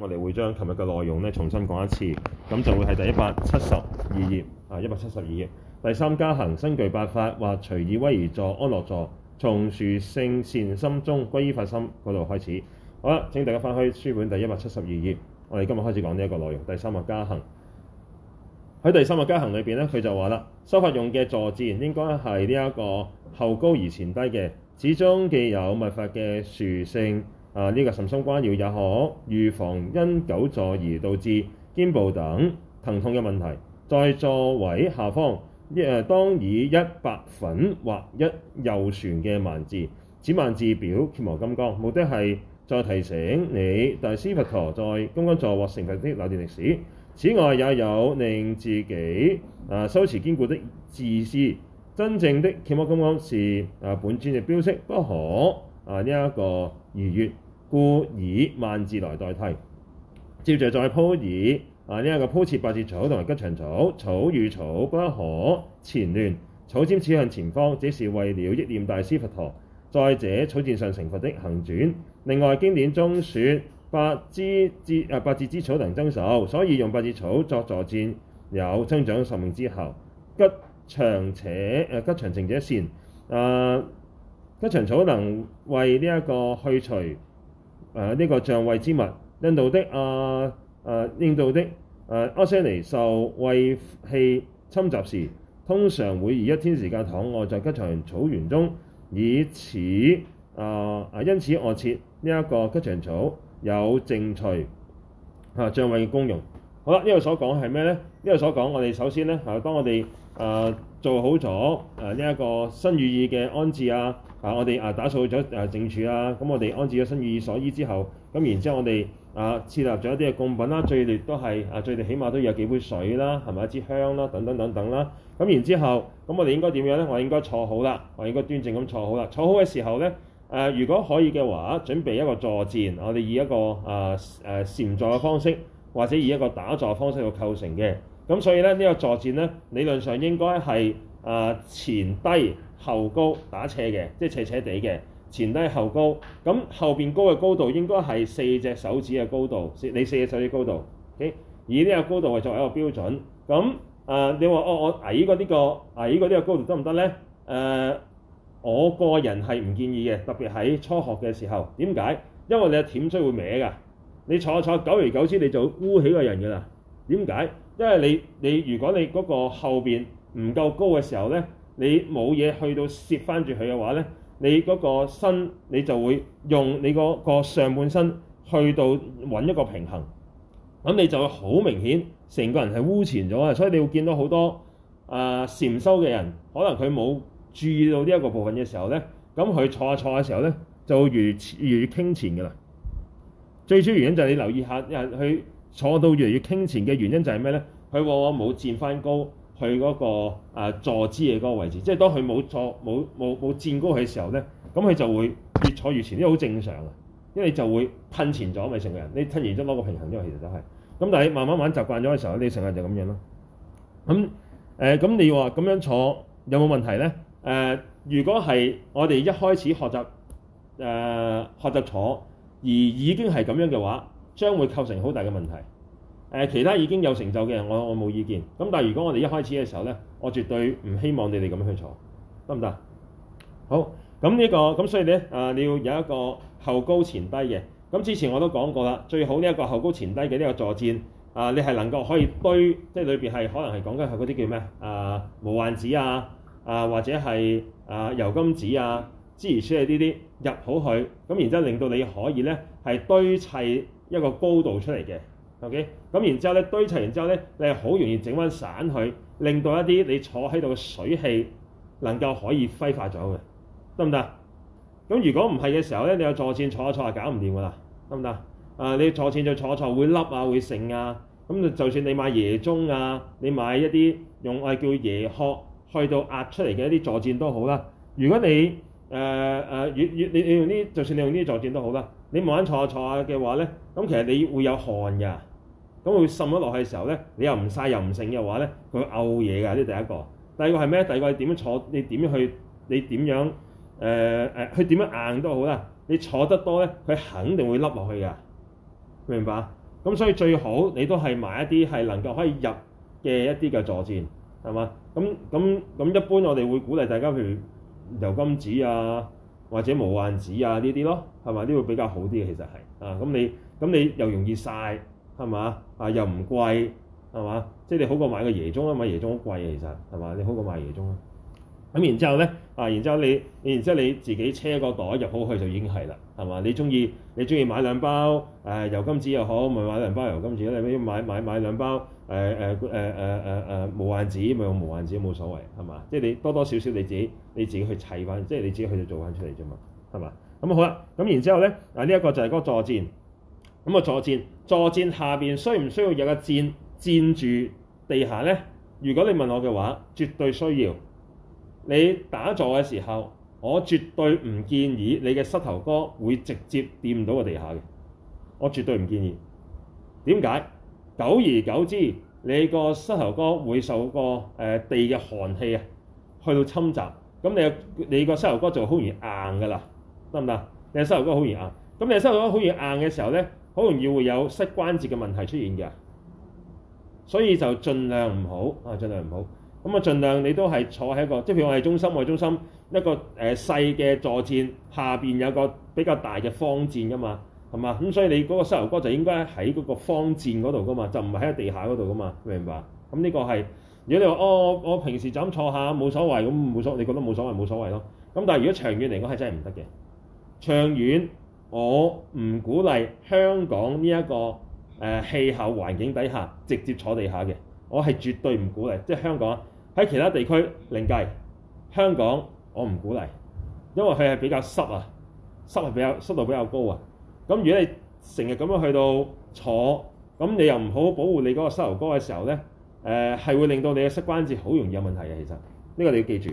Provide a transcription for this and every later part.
我哋會將琴日嘅內容咧重新講一次，咁就會係第一百七十二頁啊，一百七十二頁。第三加行，身具八法或隨宜威儀坐安樂座，從殊勝善心中皈依發心嗰度開始。好啦，請大家翻開書本第一百七十二頁，我哋今日開始講呢一個內容。第三個加行，喺第三個加行裏邊咧，佢就話啦，修法用嘅座子應該係呢一個後高而前低嘅，始終既有密法嘅殊勝。」啊！呢、這個甚深關要也可預防因久坐而導致肩部等疼痛嘅問題。在座位下方，一誒當以一白粉劃一右旋嘅萬字，此萬字表羯摩金剛。目的係再提醒你，大師佛陀在金剛座或成佛的那段歷史。此外，也有令自己啊修持堅固的自私。真正的羯摩金剛是啊本尊嘅標識，不可啊呢一、這個逾越。故以萬字來代替，接着再鋪以啊呢一、這個鋪設百節草同埋吉祥草，草與草不可纏亂，草尖指向前方，這是為了憶念大師佛陀。再者，草墊上成佛的行傳。另外，經典中説百節之啊百節之草能增壽，所以用百節草作座墊，有增長壽命之效。吉祥且誒、啊、吉祥淨且善啊，吉祥草能為呢一個去除。誒、啊、呢、這個障穢之物，印度的啊啊，印度的啊，阿闍黎受穢氣侵襲時，通常會以一天時間躺卧在吉祥草苑中，以此啊啊，因此鋪設呢一個吉祥草有淨除啊障穢嘅功用。好啦，這所講是什麼呢度所講係咩咧？呢度所講，我哋首先咧，啊，當我哋啊做好咗誒呢一個身威儀嘅安置啊。啊！我哋啊打掃咗淨處啦，咁、啊、我哋安置咗身於所依之後，咁然之後我哋啊設立咗一啲嘅供品啦，最劣都係啊最劣，起碼都有幾杯水啦，係咪一支香啦，等等等等啦。咁、啊、然之後，咁我哋應該點樣咧？我應該坐好啦，我應該端正咁坐好啦。坐好嘅時候咧、啊，如果可以嘅話，準備一個坐墊，我哋以一個啊誒、啊、禪坐嘅方式，或者以一個打坐方式去構成嘅。咁所以咧呢、呢個坐墊咧，理論上應該係啊前低。後高打斜嘅，即係斜斜地嘅，前低後高。咁後邊高嘅高度應該係四隻手指嘅高度，你四隻手指的高度。O K，以呢個高度作為一個標準。咁誒、呃，你話我、哦、我矮嗰啲、這個矮嗰啲嘅高度得唔得咧？誒、呃，我個人係唔建議嘅，特別喺初學嘅時候。點解？因為你嘅頸椎會歪㗎。你坐坐久而久之，你就污起個人㗎啦。點解？因為你你如果你嗰個後邊唔夠高嘅時候咧。你冇嘢去到攝翻住佢嘅話咧，你嗰個身，你就會用你嗰個上半身去到揾一個平衡，咁你就會好明顯成個人係污前咗啊！所以你會見到好多誒禪、呃、修嘅人，可能佢冇注意到呢一個部分嘅時候咧，咁佢坐下坐嘅時候咧就會越越、越、越傾前噶啦。最主要原因就係你留意下人去坐到越嚟越傾前嘅原因就係咩咧？佢往往冇站翻高。佢嗰、那個、呃、坐姿嘅嗰個位置，即係當佢冇坐冇冇冇站高佢嘅時候咧，咁佢就會越坐越前，呢個好正常嘅，因為你就會噴前咗咪成個人，你吞完咗攞個平衡因咗，其實都、就、係、是。咁但係慢慢慢習慣咗嘅時候，你成日就咁樣咯、啊。咁誒，咁、呃、你話咁樣坐有冇問題咧？誒、呃，如果係我哋一開始學習誒、呃、學習坐，而已經係咁樣嘅話，將會構成好大嘅問題。誒，其他已經有成就嘅，我我冇意見。咁但係如果我哋一開始嘅時候咧，我絕對唔希望你哋咁樣去坐，得唔得？好咁呢、這個咁所以咧，啊、呃、你要有一個後高前低嘅。咁之前我都講過啦，最好呢一個後高前低嘅呢個坐墊啊、呃，你係能夠可以堆，即係裏邊係可能係講緊係嗰啲叫咩啊、呃？無患子啊啊、呃，或者係啊、呃、油金子啊，之餘出係呢啲入好佢咁，然之後令到你可以咧係堆砌一個高度出嚟嘅。O.K. 咁然後呢，堆完之後咧，堆齊，然之後咧你係好容易整翻散去，令到一啲你坐喺度嘅水氣能夠可以揮發咗嘅，得唔得？咁如果唔係嘅時候咧，你有戰坐墊坐一、呃、坐下搞唔掂噶啦，得唔得？啊，你坐墊就坐一坐會凹啊會剩啊，咁就算你買椰棕啊，你買一啲用我叫椰殼去到壓出嚟嘅一啲坐墊都好啦。如果你誒誒越越你你用呢，就算你用呢啲坐墊都好啦。你慢慢坐下坐下嘅話咧，咁其實你會有汗㗎，咁會滲咗落去嘅時候咧，你又唔晒又唔剩嘅話咧，佢嘔嘢㗎，呢第一個。第二個係咩？第二個你點樣坐？你點樣去？你點樣誒誒？佢、呃、點樣硬都好啦。你坐得多咧，佢肯定會凹落去㗎。明白？咁所以最好你都係買一啲係能夠可以入嘅一啲嘅坐墊，係嘛？咁咁咁一般我哋會鼓勵大家，譬如油金紙啊。或者無患子啊呢啲咯，係咪？呢會比較好啲嘅，其實係啊。咁你咁你又容易晒，係嘛？啊又唔貴係嘛？即係你好過買個椰棕啊嘛，買椰棕好貴啊其實係嘛？你好過買椰棕啊，咁然之後咧啊，然之後你然之後你自己車個袋入好去就已經係啦。係嘛？你中意你中意買兩包誒、呃、油金紙又好，咪買兩包油金紙也好；你俾買買買兩包誒誒誒誒誒誒無限紙，咪用無限紙，冇所謂係嘛？即係你多多少少你自己你自己去砌翻，即係你自己去做翻出嚟啫嘛，係嘛？咁好啦、啊，咁然之後咧啊呢一、這個就係嗰個坐墊。咁啊坐墊，坐墊下邊需唔需要有一個墊墊住地下咧？如果你問我嘅話，絕對需要。你打坐嘅時候。我絕對唔建議你嘅膝頭哥會直接掂到個地下嘅，我絕對唔建議。點解？久而久之，你個膝頭哥會受個誒地嘅寒氣啊，去到侵襲，咁你你個膝頭哥就好容易硬噶啦，得唔得？你嘅膝頭哥好容易硬，咁你膝頭哥好容易硬嘅時候咧，好容易會有膝關節嘅問題出現嘅，所以就儘量唔好啊，儘量唔好。咁啊，儘量你都係坐喺個，即係譬如我係中心，我係中心。一個誒、呃、細嘅座墊，下邊有個比較大嘅方墊㗎嘛，係嘛？咁所以你嗰個膝頭哥就應該喺嗰個方墊嗰度㗎嘛，就唔係喺地下嗰度㗎嘛，明唔明白？咁呢個係如果你話哦，我平時就咁坐下冇所謂咁冇所，你覺得冇所謂冇所謂咯。咁但係如果長遠嚟講係真係唔得嘅長遠，我唔鼓勵香港呢、這、一個誒、呃、氣候環境底下直接坐地下嘅，我係絕對唔鼓勵。即、就、係、是、香港喺其他地區另計，香港。我唔鼓勵，因為佢係比較濕啊，濕係比較濕度比較高啊。咁如果你成日咁樣去到坐，咁你又唔好好保護你嗰個膝頭哥嘅時候咧，誒、呃、係會令到你嘅膝關節好容易有問題嘅。其實呢、呢個你要記住。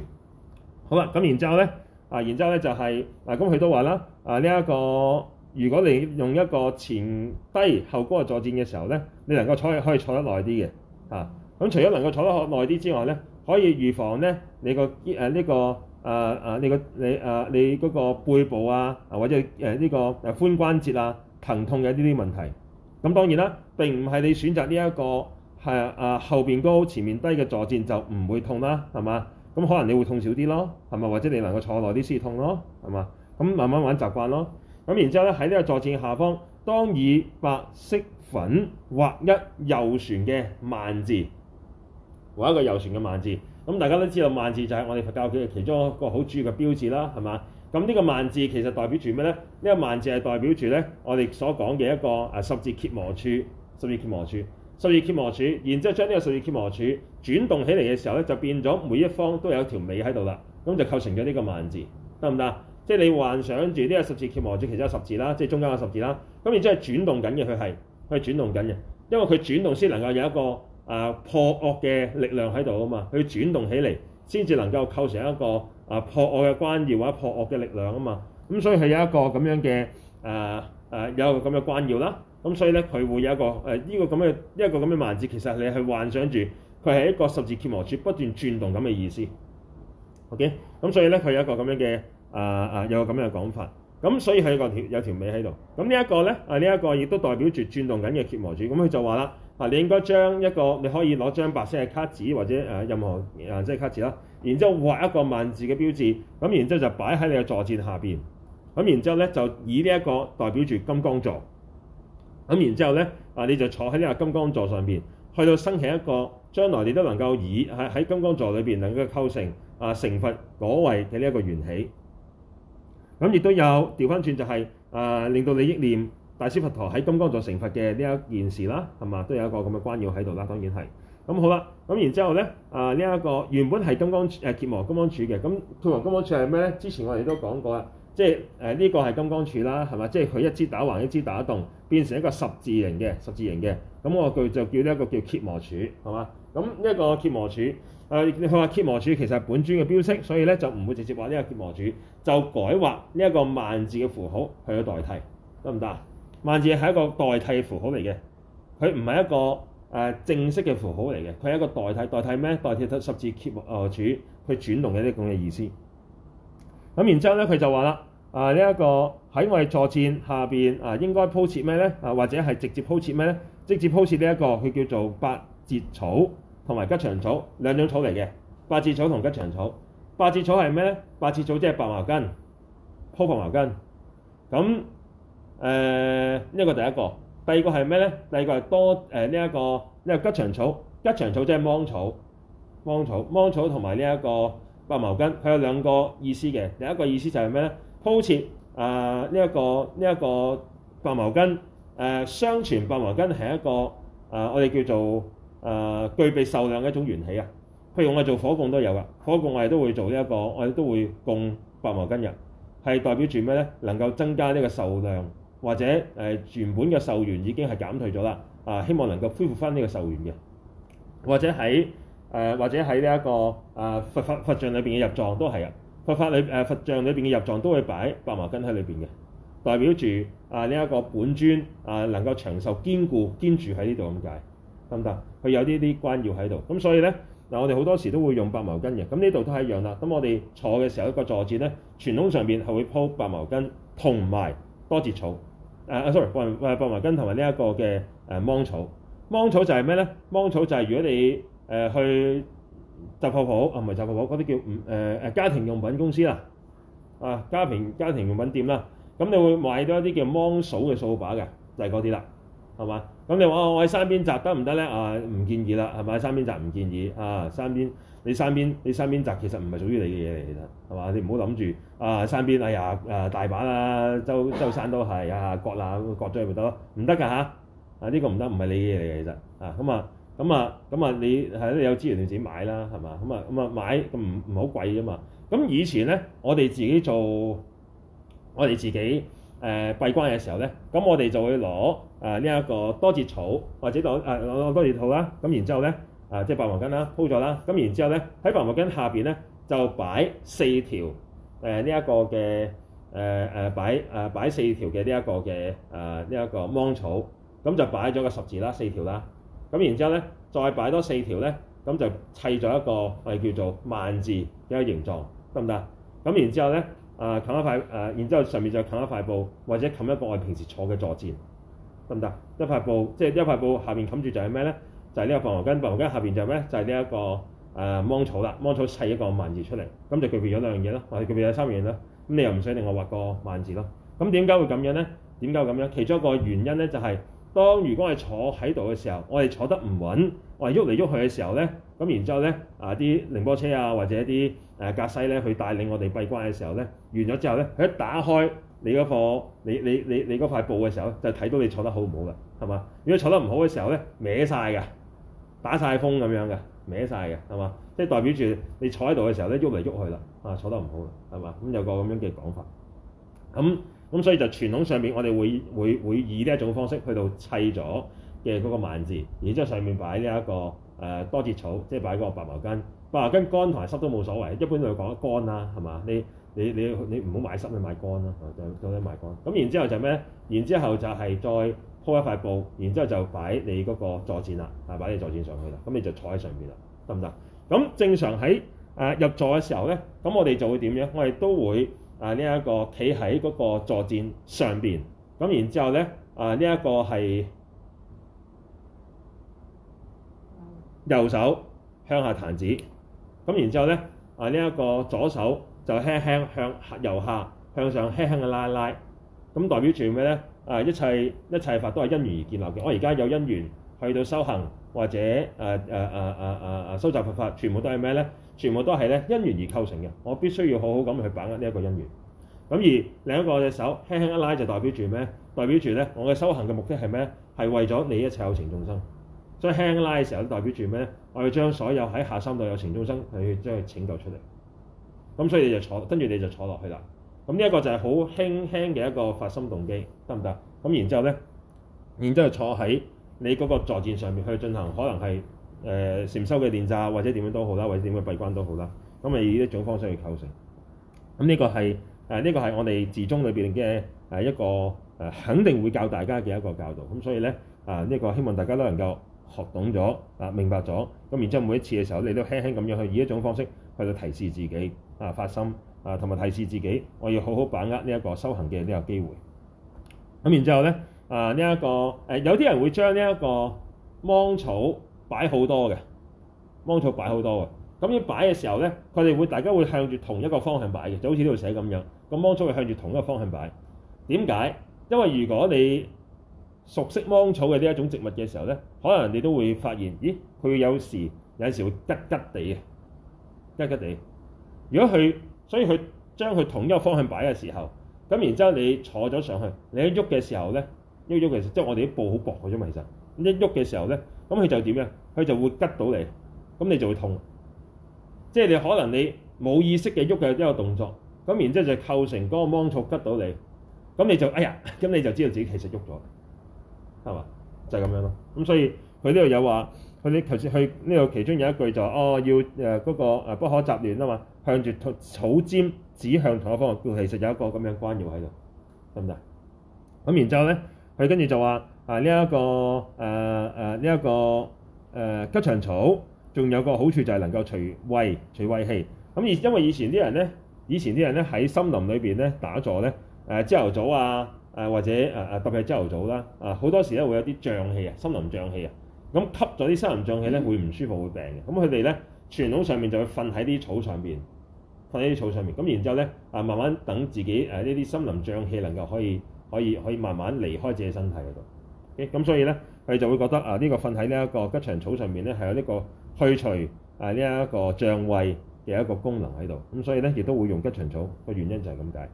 好啦，咁然之後咧啊，然之後咧就係、是、啊，咁佢都話啦啊，呢一個如果你用一個前低後高嘅坐墊嘅時候咧，你能夠坐可以坐得耐啲嘅嚇。咁、啊、除咗能夠坐得耐啲之外咧，可以預防咧你個、啊呢個誒呢個。呃、你個你、呃、你嗰個背部啊，或者誒呢、呃這個誒髖關節啊疼痛嘅呢啲問題。咁當然啦，並唔係你選擇呢、這、一個係、啊、後邊高前面低嘅坐墊就唔會痛啦，係嘛？咁可能你會痛少啲咯，係咪？或者你能夠坐耐啲先痛咯，係嘛？咁慢慢玩習慣咯。咁然之後咧，喺呢個坐墊下方，當以白色粉畫一右旋嘅萬字，畫一個右旋嘅萬字。咁大家都知道萬字就係我哋佛教嘅其中一個好主要嘅標誌啦，係嘛？咁呢個萬字其實代表住咩咧？呢個萬字係代表住咧，我哋所講嘅一個誒十字羯摩杵，十字羯摩杵，十字羯摩杵，然之後將呢個十字羯摩杵轉動起嚟嘅時候咧，就變咗每一方都有一條尾喺度啦，咁就構成咗呢個萬字，得唔得？即係你幻想住呢個十字羯摩杵，其中有十字啦，即係中間有十字啦，咁然之後轉動緊嘅，佢係佢係轉動緊嘅，因為佢轉動先能夠有一個。啊！破惡嘅力量喺度啊嘛，佢轉動起嚟先至能夠構成一個啊破惡嘅關要或者破惡嘅力量啊嘛，咁所以佢有一個咁樣嘅啊啊有一個咁嘅關要啦，咁所以咧佢會有一個誒呢、啊這個咁嘅一個咁嘅文字，其實你去幻想住佢係一個十字羯摩杵不斷轉動咁嘅意思。OK，咁所以咧佢有一個咁樣嘅啊啊有個咁樣嘅講法，咁所以佢有條有條尾喺度。咁呢一個咧啊呢一、這個亦都代表住轉動緊嘅羯摩杵，咁佢就話啦。嗱，你應該將一個你可以攞張白色嘅卡紙或者誒任何即係嘅卡紙啦，然之後畫一個萬字嘅標誌，咁然之後就擺喺你嘅坐墊下邊，咁然之後咧就以呢一個代表住金剛座，咁然之後咧啊你就坐喺呢個金剛座上邊，去到生起一個將來你都能夠以喺喺金剛座裏邊能夠構成啊成佛果位嘅呢一個緣起，咁亦都有調翻轉就係啊令到你憶念。大師佛陀喺金剛座成佛嘅呢一件事啦，係嘛都有一個咁嘅關要喺度啦。當然係咁好啦。咁然之後咧，啊呢一、這個原本係金剛誒羯摩金剛柱嘅，咁羯摩金剛柱係咩咧？之前我哋都講過啦，即係誒呢個係金剛柱啦，係嘛，即係佢一支打橫，一支打棟，變成一個十字形嘅十字形嘅。咁我哋就叫呢、這、一個叫羯摩柱，係嘛？咁呢一個羯摩柱誒，佢話羯摩柱其實係本尊嘅標幟，所以咧就唔會直接話呢個羯摩柱，就改畫呢一個萬字嘅符號去代替得唔得啊？行不行？萬字係一個代替的符號嚟嘅，佢唔係一個誒、呃、正式嘅符號嚟嘅，佢係一個代替代替咩？代替，代替十字鉸鉤杵，去轉動嘅呢咁嘅意思。咁然之後咧，佢就話啦，啊呢一、這個喺我哋坐墊下邊啊，應該鋪設咩咧？啊或者係直接鋪設咩咧？直接鋪設呢、這、一個佢叫做百節草同埋吉祥草兩種草嚟嘅。百節草同吉祥草，百節草係咩咧？百節草即係白茅根，鋪白茅根。咁誒呢一個第一個，第二個係咩咧？第二個係多誒呢一個呢、呢個吉祥草，吉祥草即係芒草，芒草芒草同埋呢一個白茅根，佢有兩個意思嘅。第一個意思就係咩咧？鋪設啊呢一個呢一個白茅根誒，相傳白茅根係一個誒我哋叫做誒、呃、具備壽量嘅一種緣起啊。譬如我哋做火供都有噶，火供我哋都會做呢、呢、一個，我哋都會供白茅根人係代表住咩咧？能夠增加呢個壽量。或者誒、呃、原本嘅壽元已經係減退咗啦，啊、呃，希望能夠恢復翻呢個壽元嘅，或者喺誒、呃、或者喺呢一個啊、呃、佛佛佛像裏邊嘅入藏都係啊，佛像裏誒佛、呃、佛像裏邊嘅入藏都會擺白茅根喺裏邊嘅，代表住啊呢一個本尊啊、呃、能夠長壽堅固堅住喺呢度咁解，得唔得？佢有呢啲關要喺度，咁所以咧嗱，我哋好多時都會用白茅根嘅，咁呢度都係一樣啦。咁我哋坐嘅時候一個坐墊咧，傳統上邊係會鋪白茅根同埋多節草。誒、uh, 啊，sorry，博誒博麥根同埋呢一個嘅誒芒草。芒草就係咩咧？芒草就係如果你誒、呃、去雜貨鋪，唔係雜貨鋪嗰啲叫唔誒誒家庭用品公司啦，啊家庭家庭用品店啦，咁你會買到一啲叫芒掃嘅掃把嘅，就係嗰啲啦，係嘛？咁你話我喺山邊摘得唔得咧？啊，唔建議啦，係咪？山邊摘唔建議啊，山邊。你山邊你山邊摘其實唔係屬於你嘅嘢嚟。其實係嘛？你唔好諗住啊山邊，哎呀啊大把啦，周周山都係啊，割爛割咗咪得咯，唔得㗎吓，啊呢、啊這個唔得，唔係你嘅嘢嚟其實。啊咁啊咁啊咁啊你係有資源就自己買啦係、啊、嘛？咁啊咁啊買唔唔好貴㗎嘛？咁以前咧我哋自己做我哋自己誒閉關嘅時候咧，咁我哋就會攞誒呢一個多節草或者攞誒攞多節套啦，咁、啊、然之後咧。啊，即係白毛巾啦，鋪咗啦。咁然之後咧，喺白毛巾下邊咧，就擺四條誒呢一個嘅誒誒擺誒擺四條嘅呢一個嘅誒呢一個芒草。咁就擺咗個十字啦，四條啦。咁然之後咧，再擺多四條咧，咁就砌咗一個我哋叫做萬字一個形狀，得唔得？咁然之後咧，啊冚一塊誒、啊，然之後上面就冚一塊布，或者冚一個我哋平時坐嘅坐墊，得唔得？一塊布，即係一塊布下面冚住就係咩咧？就係、是、呢個防滑巾，防滑巾下邊就係咩？就係呢一個誒芒、呃、草啦，芒草砌一個萬字出嚟，咁就具備咗兩樣嘢咯，或者具備咗三樣嘢咯。咁你又唔使另外畫個萬字咯？咁點解會咁樣咧？點解會咁樣？其中一個原因咧、就是，就係當如果我哋坐喺度嘅時候，我哋坐得唔穩，我哋喐嚟喐去嘅時候咧，咁然之後咧啊啲寧波車啊或者一啲誒格西咧去帶領我哋閉關嘅時候咧，完咗之後咧，佢一打開你嗰個你你你你嗰塊布嘅時候就睇到你坐得好唔好噶，係嘛？如果坐得唔好嘅時候咧，歪晒㗎。打晒風咁樣嘅，歪晒嘅，係嘛？即係代表住你坐喺度嘅時候咧，喐嚟喐去啦，啊，坐得唔好啦，係嘛？咁有個咁樣嘅講法。咁咁所以就傳統上面，我哋會會會以呢一種方式去到砌咗嘅嗰個萬字，然之後上面擺呢、這、一個誒、呃、多節草，即係擺嗰個白茅根。白茅根乾同埋濕都冇所謂，一般都係講乾啦，係嘛？你你你你唔好買濕去買乾啦，就都一買乾。咁、啊、然之後就咩然之後就係再。鋪一塊布，然之後就擺你嗰個坐墊啦，啊，擺你坐墊上去啦，咁你就坐喺上邊啦，得唔得？咁正常喺誒、啊、入座嘅時候咧，咁我哋就會點樣？我哋都會啊，呢一個企喺嗰個坐墊上邊，咁然之後咧啊，呢一個係右手向下彈指，咁然之後咧啊，呢一個左手就輕輕向右下向上輕輕嘅拉拉，咁代表住咩咧？啊！一切一切法都係因緣而建立嘅。我而家有因緣去到修行，或者啊啊啊啊啊啊收集佛法，法，全部都係咩咧？全部都係咧因緣而構成嘅。我必須要好好咁去把握呢一個因緣。咁而另一個隻手輕輕一拉，就代表住咩？代表住咧我嘅修行嘅目的係咩？係為咗你一切有情眾生。所以輕，輕拉嘅時候都代表住咩？我要將所有喺下三道有情眾生去將佢拯救出嚟。咁所以你就坐，跟住你就坐落去啦。咁呢一個就係好輕輕嘅一個發心動機，得唔得？咁然之後咧，然之後坐喺你嗰個坐墊上面去進行，可能係誒禪修嘅練習，或者點樣都好啦，或者點樣閉關都好啦。咁係以一種方式去構成。咁呢個係誒呢個係我哋自宗裏邊嘅誒一個誒、啊，肯定會教大家嘅一個教導。咁、啊、所以咧啊，呢一個希望大家都能夠學懂咗啊，明白咗。咁然之後每一次嘅時候，你都輕輕咁樣去以一種方式去提示自己啊，發心。啊，同埋提示自己，我要好好把握呢一個修行嘅呢個機會。咁然之後咧，啊呢一、這個誒、呃、有啲人會將呢一個芒草擺好多嘅芒草擺好多嘅。咁要擺嘅時候咧，佢哋會大家會向住同一個方向擺嘅，就好似呢度寫咁樣咁，芒草會向住同一個方向擺。點解？因為如果你熟悉芒草嘅呢一種植物嘅時候咧，可能你都會發現，咦，佢有時有陣時會拮拮地嘅拮拮地。如果佢所以佢將佢同一個方向擺嘅時候，咁然之後你坐咗上去，你一喐嘅時候咧，喐喐嘅時候，即係我哋啲布好薄嘅啫嘛，其實，一喐嘅時候咧，咁佢就點咧？佢就會吉到你，咁你就會痛。即係你可能你冇意識嘅喐嘅一個動作，咁然之後就構成嗰個芒草吉到你，咁你就哎呀，咁你就知道自己其實喐咗，係嘛？就係、是、咁樣咯。咁所以佢呢度有話，佢你頭先去呢度其中有一句就話，哦要誒嗰個不可雜亂啊嘛。向住草尖指向同一方向，叫其實有一個咁樣關要喺度，得唔得？咁然之後咧，佢跟住就話啊呢一、這個誒誒呢一個誒、啊、吉祥草，仲有個好處就係能夠除穢除穢氣。咁、啊、以因為以前啲人咧，以前啲人咧喺森林裏邊咧打坐咧，誒朝頭早啊誒、啊、或者誒誒特別係朝頭早啦，啊好、啊啊、多時咧會有啲瘴氣啊森林瘴氣啊，咁吸咗啲森林瘴氣咧會唔舒服會病嘅。咁佢哋咧傳統上面就會瞓喺啲草上邊。瞓喺啲草上面，咁然之後咧啊，慢慢等自己呢啲、啊、森林瘴氣能夠可以可以可以慢慢離開自己身體嗰度。咁、okay? 所以咧佢就會覺得啊，呢、這個瞓喺呢一個吉祥草上面咧，係有呢個去除啊呢一、這個瘴氣嘅一個功能喺度。咁所以咧亦都會用吉祥草，原個原因就係咁解。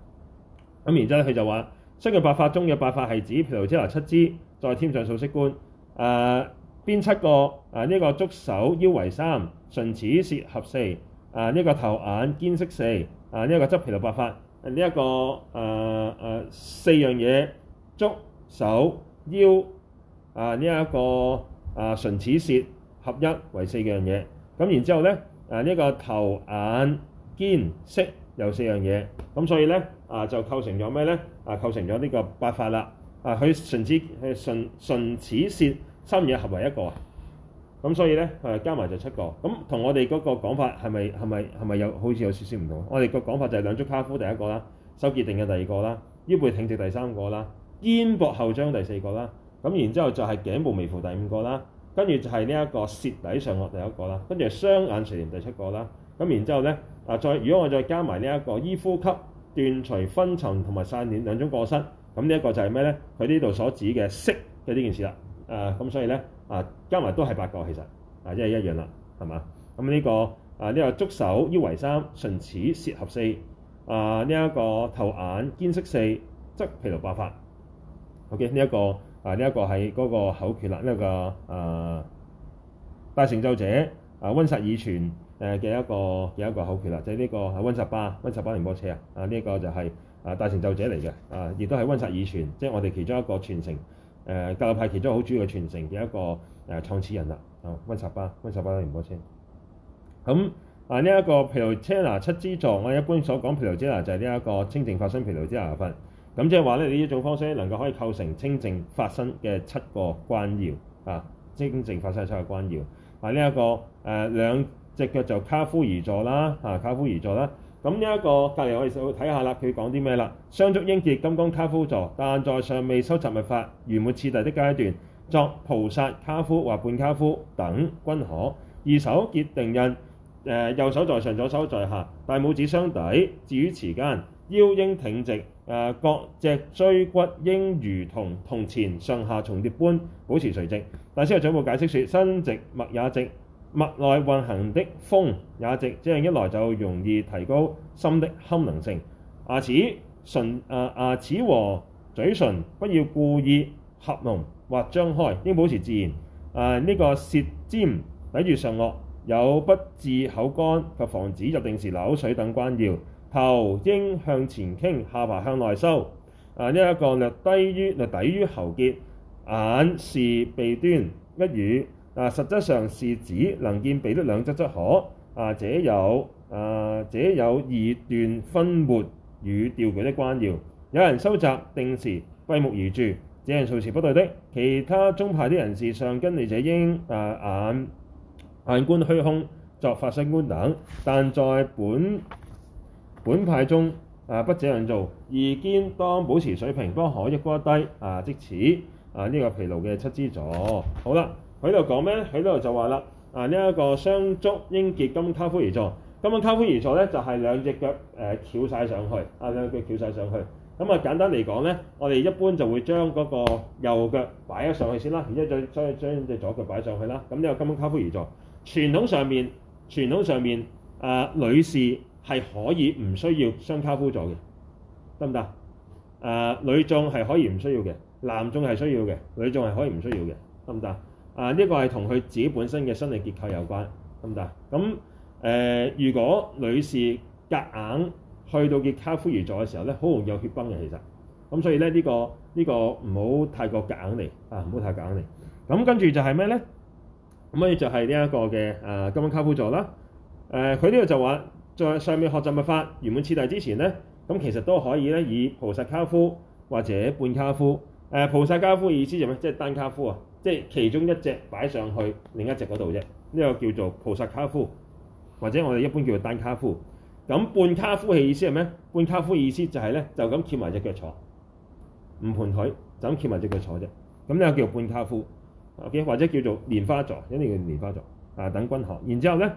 咁然之後咧，佢就話，身嘅八法中嘅八法係指毘盧遮那七支，再添上數息觀，啊邊、嗯、七個？啊呢、這個足手腰為三，唇齒舌合四。啊呢、這個頭眼肩息四，啊呢一、這個即毘盧八法，呢、這、一個啊啊、呃呃、四樣嘢足手腰，啊呢一、這個啊唇齒舌合一為四樣嘢，咁、啊、然之後咧啊呢、這個頭眼肩息又四樣嘢，咁、啊、所以咧啊就構成咗咩咧？啊構成咗呢個八法啦，啊佢唇齒係唇唇齒舌三樣合為一個。咁所以咧，加埋就七個。咁同我哋嗰個講法係咪係咪係咪有好似有少少唔同？我哋個講法就係兩足跏趺第一個啦，手結定嘅第二個啦，腰背挺直第三個啦，肩膊後張第四個啦。咁然之後就係頸部微俯第五個啦，跟住就係呢一個舌抵上顎第六個啦，跟住雙眼垂簾第七個啦。咁然之後咧，嗱再如果我再加埋呢一個依呼吸斷除分層同埋散亂兩種過失，咁呢一個就係咩咧？佢呢度所指嘅色嘅呢件事啦。咁所以咧。啊，加埋都係八個，其實啊，即、就、係、是、一樣啦，係嘛？咁、啊、呢、這個啊呢、這個足手腰為三，唇齒舌合四啊呢一、這個頭眼肩息四，即毘盧八法。OK，呢、這、一個啊呢一嗰個口訣啦，呢、這、一個啊大成就者啊温薩耳傳嘅一個嘅一個口訣啦，就係、是、呢、這個温、啊、薩巴温薩巴仁波切啊啊呢一個就係、是、啊大成就者嚟嘅啊，亦都係温薩耳傳，即、就、係、是、我哋其中一個傳承。誒、呃、教派其中好主要嘅傳承嘅一個誒、呃、創始人啦、哦嗯，啊，溫薩巴，溫薩巴你唔好先。咁啊呢一個毘盧遮那七支座，我一般所講毘盧遮那就係呢一個清淨法身毘盧遮那佛。咁即係話咧，你、就是、呢一種方式能夠可以構成清淨法身嘅七個關要啊，清淨法身嘅七個關要。啊呢一個誒、啊啊啊、兩隻腳就卡夫兒座啦，卡夫兒座啦。啊咁呢一個隔離，我哋就睇下啦，佢講啲咩啦？雙足應結金剛跏趺座，但在尚未修習密法、圓滿次第的階段，作菩薩跏趺或半跏趺等均可。二手結定印、呃，右手在上，左手在下，大拇指相抵。置於臍間，腰應挺直、呃，各脊椎骨應如同銅錢上下重疊般保持垂直。大師又進一步解釋說身直，脈也直。脈內運行的風也直，這樣一來就容易提高心的堪能性。牙、啊、齒、唇、啊牙齒、啊、和嘴唇不要故意合攏或張開，應保持自然。啊，呢、這個舌尖抵住上顎，有不致口乾及防止入定時流口水等關要。頭應向前傾，下巴向內收。啊，呢、這、一個略低於略抵於喉結。眼視鼻端一語，啊，實際上是指能見鼻的兩側即可，啊，這有啊，這有易斷沉沒與掉舉的關要。有人修定時閉目而住，這樣做是不對的。其他宗派的人士，上根者應啊眼眼觀虛空作法身觀等，但在本本派中啊不這樣做，二肩當保持水平，不可一高一低啊，即此啊呢、這個毘盧嘅七支坐。好啦。佢喺度講咩？佢喺度就話啦，啊呢一個雙足應結金跏趺而坐，金跏趺而坐咧，就係、是、兩隻腳誒翹晒上去，啊兩隻腳翹晒上去。咁啊，啊，簡單嚟講咧，我哋一般就會將嗰個右腳擺咗上去先啦，然之後再將將隻左腳擺上去啦。咁呢個金跏趺而坐傳統上面，傳統上面啊、呃，女士係可以唔需要雙跏趺坐嘅，得唔得啊？女眾係可以唔需要嘅，男眾係需要嘅，女眾係可以唔需要嘅，得唔得？啊！呢、這個係同佢自己本身嘅生理結構有關，咁大，咁誒、呃，如果女士夾硬去到結跏趺坐嘅時候咧，好容易有血崩嘅，其實咁所以咧呢、這個呢、這個唔好太過夾硬嚟啊！唔好太夾硬嚟。咁跟住就係咩咧？咁跟住就係呢一個嘅啊金跏趺坐啦。誒、呃，佢呢度就話，在上面學習密法圓滿次第之前咧，咁其實都可以咧以菩薩跏趺或者半跏趺。誒、呃，菩薩跏趺意思就咩？即係單跏趺啊！即係其中一隻擺上去，另一隻嗰度啫。呢個叫做菩薩跏趺，或者我哋一般叫做單跏趺。咁半跏趺嘅意思係咩？半跏趺意思就係咧，就咁翹埋隻腳坐，唔盤腿，就咁翹埋隻腳坐啫。咁咧個叫半跏趺，O.K.，或者叫做蓮花座，一定叫蓮花座。啊，等均衡。然之後咧，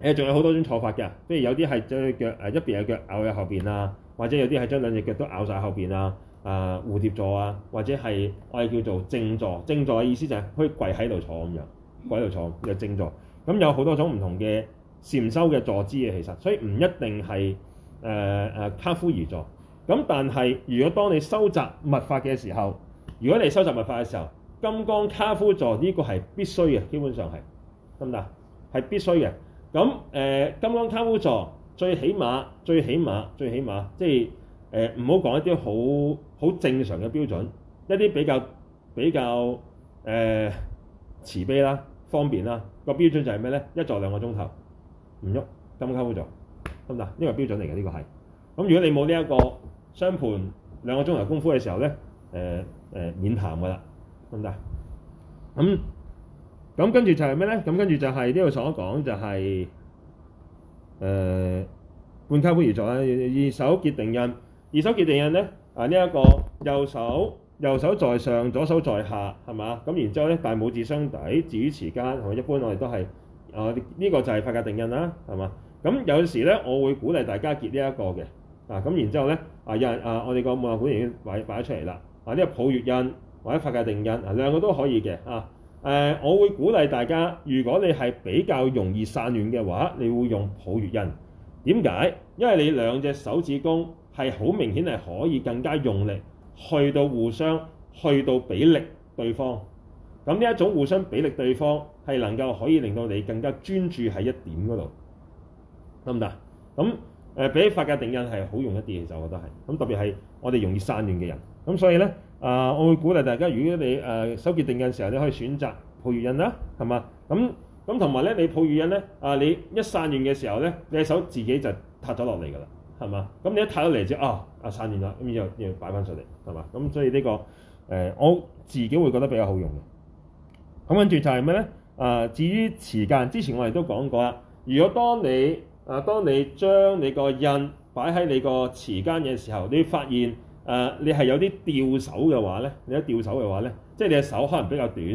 誒仲有好多種坐法嘅，譬如有啲係將隻腳誒一邊有腳咬喺後邊啦，或者有啲係將兩隻腳都咬晒後邊啦。啊，蝴蝶座啊，或者係我哋叫做正座，正座嘅意思就係可以跪喺度坐咁樣，跪喺度坐就係、正座。咁有好多種唔同嘅禪修嘅坐姿嘅，其實，所以唔一定係誒誒卡夫兒座。咁但係，如果當你修習密法嘅時候，如果你修習密法嘅時候，金剛卡夫座呢個係必須嘅，基本上係得唔得？係必須嘅。咁誒、呃，金剛卡夫座最起碼最起碼最起碼,最起碼即係。誒唔好講一啲好好正常嘅標準，一啲比較比較誒、呃、慈悲啦、方便啦個標準就係咩咧？一坐兩個鐘頭唔喐，金跏趺座，得唔得？呢、這個是標準嚟嘅，呢、這個係。咁如果你冇呢一個雙盤兩個鐘頭功夫嘅時候咧，誒、呃、誒、呃、免談噶啦，得唔得？咁、嗯、咁跟住就係咩咧？咁跟住就係呢個所講就係、是、誒、呃、半跏趺座啦，二手結定印。二手結定印咧，啊呢一、這個右手右手在上，左手在下，係嘛？咁然之後咧，大拇指相抵，置於臍間，我一般我哋都係啊呢個就係法界定印啦，係嘛？咁有時咧，我會鼓勵大家結呢一個嘅，啊咁然之後咧，啊有人啊我哋個文化館已經擺擺咗出嚟啦，啊呢、這個抱月印或者法界定印啊兩個都可以嘅啊，誒、呃、我會鼓勵大家，如果你係比較容易散亂嘅話，你會用抱月印。點解？因為你兩隻手指公。係好明顯係可以更加用力去到互相去到比力對方，咁呢一種互相比力對方係能夠可以令到你更加專注喺一點嗰度，得唔得？咁、呃、比法界定印係好用一啲，其實我覺得係，咁特別係我哋容易散亂嘅人，咁所以咧啊、呃，我會鼓勵大家，如果你誒、呃、手結定印嘅時候，你可以選擇抱月印啦，係嘛？咁咁同埋咧，你抱月印咧啊、呃，你一散亂嘅時候咧，隻手自己就塌咗落嚟㗎啦。係嘛？咁你一睇到嚟之後，哦，啊散完啦，咁然後然後擺翻上嚟，係嘛？咁所以呢、這個誒、呃、我自己會覺得比較好用嘅。咁跟住就係咩咧？啊，至於臍間，之前我哋都講過啦。如果當你啊當你將你個印擺喺你個臍間嘅時候，你發現誒、啊、你係有啲吊手嘅話咧，你一吊手嘅話咧，即、就、係、是、你嘅手可能比較短，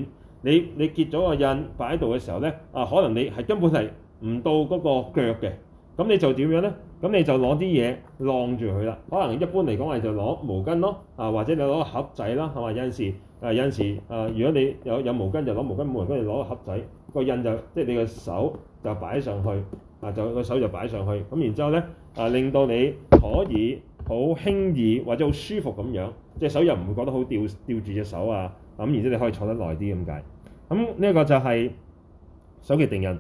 你你結咗個印擺喺度嘅時候咧，啊可能你係根本係唔到嗰個腳嘅。咁你就點樣咧？咁你就攞啲嘢晾住佢啦。可能一般嚟講係就攞毛巾咯，啊或者你攞個盒仔啦，係嘛？有陣時，誒、啊、有陣時、啊、如果你有有毛巾就攞毛巾，冇毛巾就攞個盒仔。個印就即係、就是、你個手就擺上去，啊就個手就擺上去。咁、啊、然之後咧，啊令到你可以好輕易或者好舒服咁樣，隻手又唔會覺得好吊吊住隻手啊。咁、啊、然之後你可以坐得耐啲咁解。咁呢一個就係手嘅定印。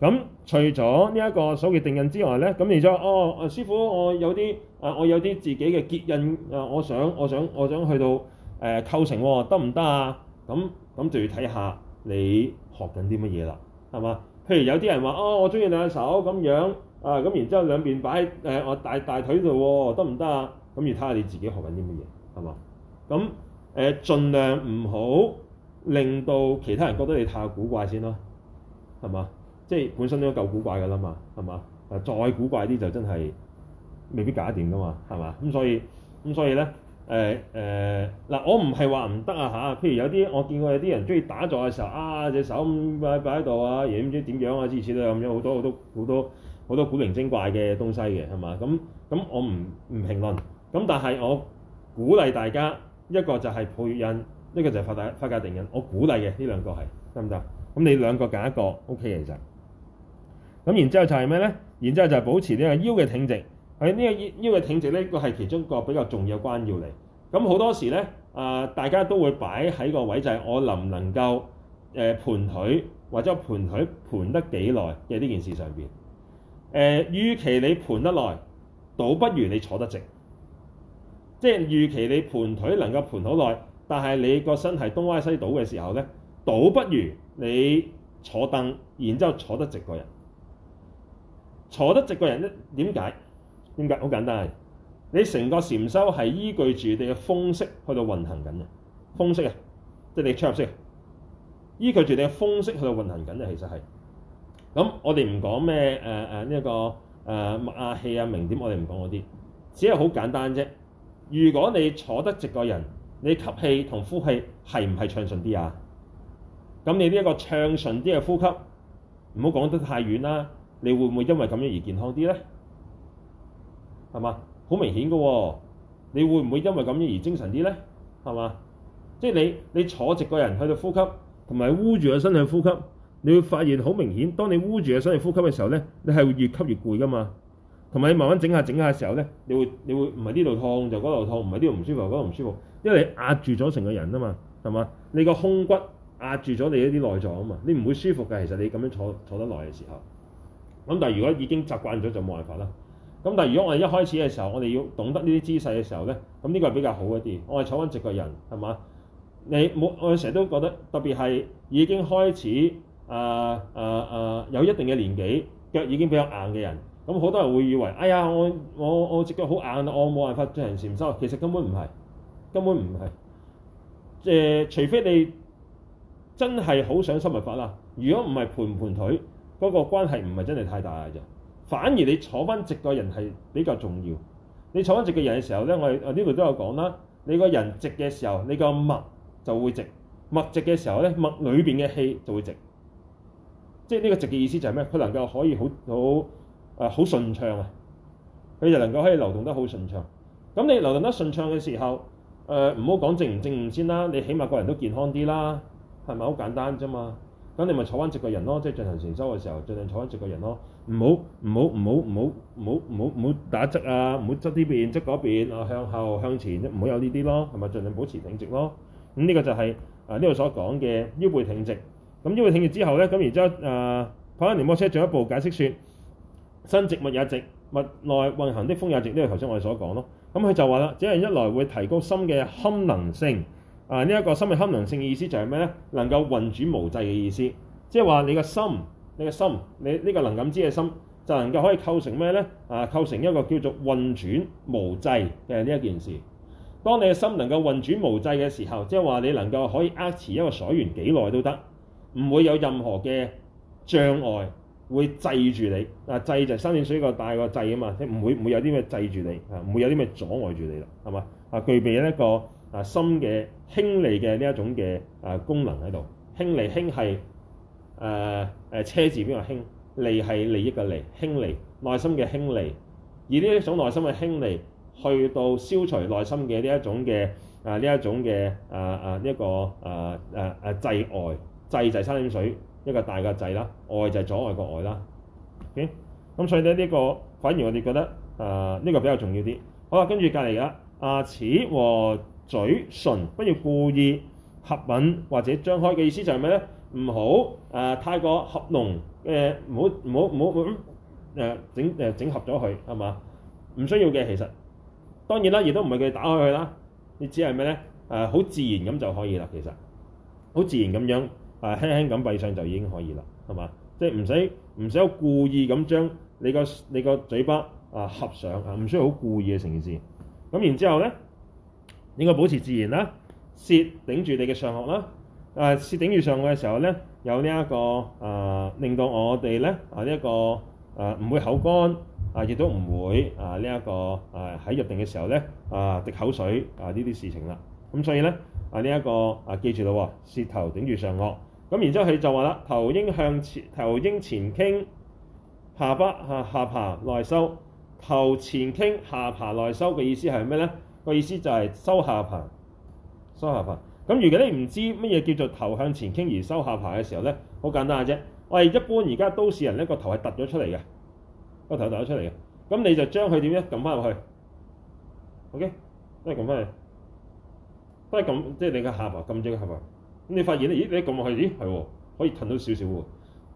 咁除咗呢一個所謂定印之外咧，咁然之後哦，師傅我有啲啊，我有啲自己嘅結印啊，我想我想我想去到誒、呃、構成喎、哦，得唔得啊？咁咁就要睇下你學緊啲乜嘢啦，係嘛？譬如有啲人話哦，我中意兩手咁樣啊，咁然之後兩邊擺誒我、呃、大大腿度得唔得啊？咁要睇下你自己學緊啲乜嘢，係嘛？咁誒，儘、呃、量唔好令到其他人覺得你太古怪先咯，係嘛？即係本身都夠古怪嘅啦嘛，係嘛？誒，再古怪啲就真係未必搞得掂噶嘛，係嘛？咁所以咁所以咧，誒誒嗱，我唔係話唔得啊吓，譬如有啲我見過有啲人中意打坐嘅時候啊，隻手咁擺喺度啊，亦唔知點樣啊，諸如此類咁樣好多好多好多好多古靈精怪嘅東西嘅，係嘛？咁咁我唔唔評論，咁但係我鼓勵大家一個就係抱印，一個就係發大發界定印，我鼓勵嘅呢兩個係得唔得？咁你兩個揀一個 O K 嘅其實。OK? 咁然之後就係咩咧？然之後就係保持呢個腰嘅挺直。喺、這、呢個腰腰嘅挺直呢個係其中一個比較重要關要嚟。咁好多時咧，啊大家都會擺喺個位就係我能唔能夠誒盤腿或者盤腿盤得幾耐嘅呢件事上面。誒、呃，預期你盤得耐，倒不如你坐得直。即係預期你盤腿能夠盤好耐，但係你個身係東歪西倒嘅時候咧，倒不如你坐凳，然之後坐得直個人。坐得直個人咧，點解？點解好簡單？你成個禪修係依據住你嘅風息去到運行緊嘅風息嘅，即係你出入息。依據住你嘅風息去到運行緊嘅，其實係。咁我哋唔講咩誒誒呢一個誒脈、呃、啊氣啊明點，我哋唔講嗰啲，只係好簡單啫。如果你坐得直個人，你吸氣同呼氣係唔係暢順啲啊？咁你呢一個暢順啲嘅呼吸，唔好講得太遠啦。你會唔會因為咁樣而健康啲咧？係嘛，好明顯嘅哦。你會唔會因為咁樣而精神啲咧？係嘛，即係你你坐直個人去到呼吸，同埋污住個身去呼吸，你會發現好明顯。當你污住個身去呼吸嘅時候咧，你係會越吸越攰噶嘛。同埋你慢慢整下整下嘅時候咧，你會你會唔係呢度痛就嗰度痛，唔係呢度唔舒服嗰度唔舒服，因為你壓住咗成個人啊嘛，係嘛？你個胸骨壓住咗你一啲內臟啊嘛，你唔會舒服嘅。其實你咁樣坐坐得耐嘅時候。咁但係如果已經習慣咗就冇辦法啦。咁但係如果我哋一開始嘅時候，我哋要懂得呢啲姿勢嘅時候咧，咁、這、呢個係比較好一啲。我係坐穩直腳人，係嘛？你冇我成日都覺得，特別係已經開始啊啊啊有一定嘅年紀，腳已經比較硬嘅人，咁好多人會以為，哎呀，我我我隻腳好硬，我冇辦法進行禪修。其實根本唔係，根本唔係。誒、呃，除非你真係好想修密法啦。如果唔係盤唔盤腿？嗰個關係唔係真係太大嘅啫，反而你坐翻直個人係比較重要。你坐翻直嘅人嘅時候咧，我哋呢度都有講啦。你個人直嘅時候，你個脈就會直，脈直嘅時候咧，脈裏邊嘅氣就會直。即係呢個直嘅意思就係咩？佢能夠可以好好誒好順暢啊，佢就能夠可以流動得好順暢。咁你流動得順暢嘅時候，誒唔好講證唔證悟先啦，你起碼個人都健康啲啦，係咪好簡單啫嘛？咁你咪坐返直個人咯，即、就、係、是、進行前收嘅時候，盡量坐返直個人咯，唔好唔好唔好唔好唔好唔好唔好打側啊，唔好側啲邊側嗰邊啊，向後向前，唔好有呢啲咯，係咪盡量保持挺直咯？咁、嗯、呢、這個就係、是、啊呢度所講嘅腰背挺直。咁、嗯、腰背挺直之後咧，咁然之後啊，跑緊電摩車進一步解釋說，身直脈也直，脈內運行的風也直，呢個頭先我哋所講咯。咁、嗯、佢就話啦，只係一來會提高心嘅堪能性。啊！呢、這、一個心嘅堪能性嘅意思就係咩咧？能夠運轉無際嘅意思，即係話你嘅心，你嘅心，你呢個能感知嘅心，就能夠可以構成咩咧？啊，構成一個叫做運轉無際嘅呢一件事。當你嘅心能夠運轉無際嘅時候，即係話你能夠可以握持一個所緣幾耐都得，唔會有任何嘅障礙會制住你。啊，制就生起水過帶個，個制啊嘛，唔會唔會有啲咩制住你啊？唔會有啲咩阻礙住你啦，係嘛？啊，具備一個啊心嘅。輕利嘅呢一種嘅啊功能喺度，輕利，輕係誒誒車字邊個輕，利係利益嘅利，輕利內心嘅輕利，而呢一種內心嘅輕利去到消除內心嘅呢一種嘅啊呢一種嘅啊啊一個啊啊啊制，外制就係三點水一個大嘅制啦，外就係阻礙個外啦。咁、OK？所以咧、呢、呢個反而我哋覺得誒呢、啊呢個比較重要啲。好啦，跟住隔離啊，阿慈和。嘴唇不要故意合吻或者張開嘅意思就係咩咧？唔好誒，太過合攏嘅，唔好唔好唔好唔整誒、呃、整合咗佢係嘛？唔需要嘅，其實當然啦，亦都唔係佢打開佢啦。你只係咩咧？誒、呃，好自然咁就可以啦。其實好自然咁樣誒，輕輕咁閉上就已經可以啦，係嘛？即係唔使唔使好故意咁將你個你個嘴巴啊合上啊，唔需要好故意嘅成件事。咁然之後咧。應該保持自然啦，舌頂住你嘅上顎啦。啊，舌頂住上顎嘅時候咧，有呢、這、一個啊，令到我哋咧、這個、啊呢一個啊唔會口乾啊，亦都唔會啊呢一、這個啊喺入定嘅時候咧啊滴口水啊呢啲事情啦。咁所以咧啊呢一、這個啊記住啦喎，舌頭頂住上顎。咁然之後佢就話啦，頭應向前，頭應前，前傾，下巴下下巴內收，頭前傾，下巴內收嘅意思係咩咧？個意思就係收下巴，收下巴。咁如果你唔知乜嘢叫做頭向前傾而收下巴嘅時候咧，好簡單嘅啫。喂，一般而家都市人咧個頭係突咗出嚟嘅，個頭突咗出嚟嘅。咁你就將佢點咧撳翻入去，OK？都係撳翻去，都係撳，即係、就是、你嘅下巴撳咗個下巴。咁你發現咧，咦？你撳落去，咦？係喎，可以褪到少少喎。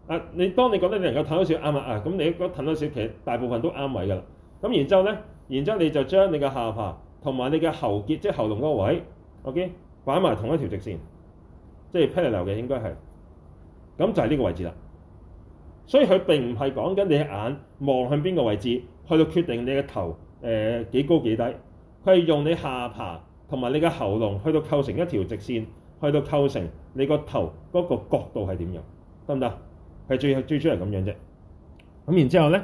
啊，你當你覺得你能夠褪到少啱啊，啊咁你個褪到少，其實大部分都啱位嘅啦。咁然之後咧，然之後你就將你嘅下巴，同埋你嘅喉結，即係喉嚨嗰個位，OK，擺埋同一條直線，即係 parallel 嘅應該係，咁就係呢個位置啦。所以佢並唔係講緊你嘅眼望向邊個位置，去到決定你嘅頭誒幾、呃、高幾低。佢係用你下巴同埋你嘅喉嚨去到構成一條直線，去到構成你個頭嗰個角度係點樣，得唔得？係最最出嚟咁樣啫。咁然之後咧，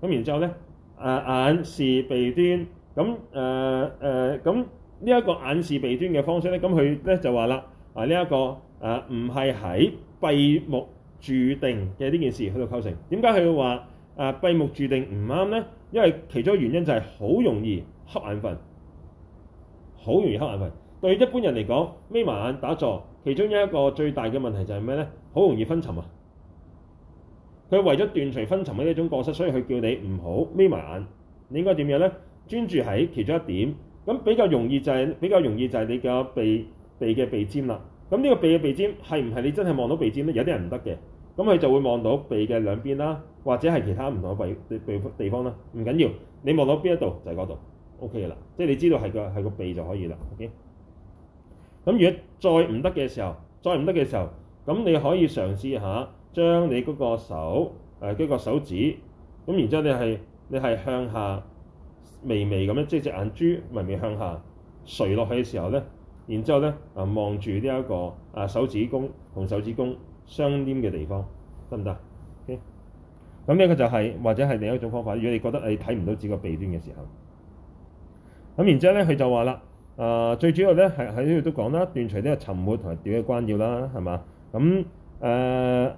咁然之後咧，眼，眼視鼻端。咁誒誒，咁呢一個眼視鼻端嘅方式咧，咁佢咧就話啦，啊呢一個誒唔係喺閉目註定嘅呢件事去到構成。點解佢會話誒閉目註定唔啱咧？因為其中原因就係好容易瞌眼瞓，好容易瞌眼瞓。對一般人嚟講，眯埋眼打坐，其中一個最大嘅問題就係咩咧？好容易昏沉啊！佢為咗斷除昏沉嘅一種過失，所以佢叫你唔好眯埋眼，你應該點樣咧？專注喺其中一點，咁比較容易就係、是、比較容易就係你個鼻鼻嘅鼻尖，這個鼻鼻嘅鼻尖啦。咁呢個鼻嘅鼻尖係唔係你真係望到鼻尖咧？有啲人唔得嘅，咁佢就會望到鼻嘅兩邊啦，或者係其他唔同嘅鼻鼻地方啦。唔緊要，你望到邊一度就係嗰度，O K 嘅啦。即係你知道係個係個鼻就可以啦。O K。咁如果再唔得嘅時候，再唔得嘅時候，咁你可以嘗試下將你嗰個手誒嗰、呃嗰個手指咁，然之後你係你係向下。微微咁樣，即隻眼珠微微向下垂落去嘅時候咧，然之後咧啊望住呢一個啊手指公同手指公相黏嘅地方，得唔得？OK，咁呢個就係或者係另一種方法。如果你覺得你睇唔到自己個鼻端嘅時候，咁然之後咧，佢就話啦，啊、呃、最主要咧係喺呢度都講啦，斷除呢個沉沒同埋掉嘅關要啦，係嘛？咁誒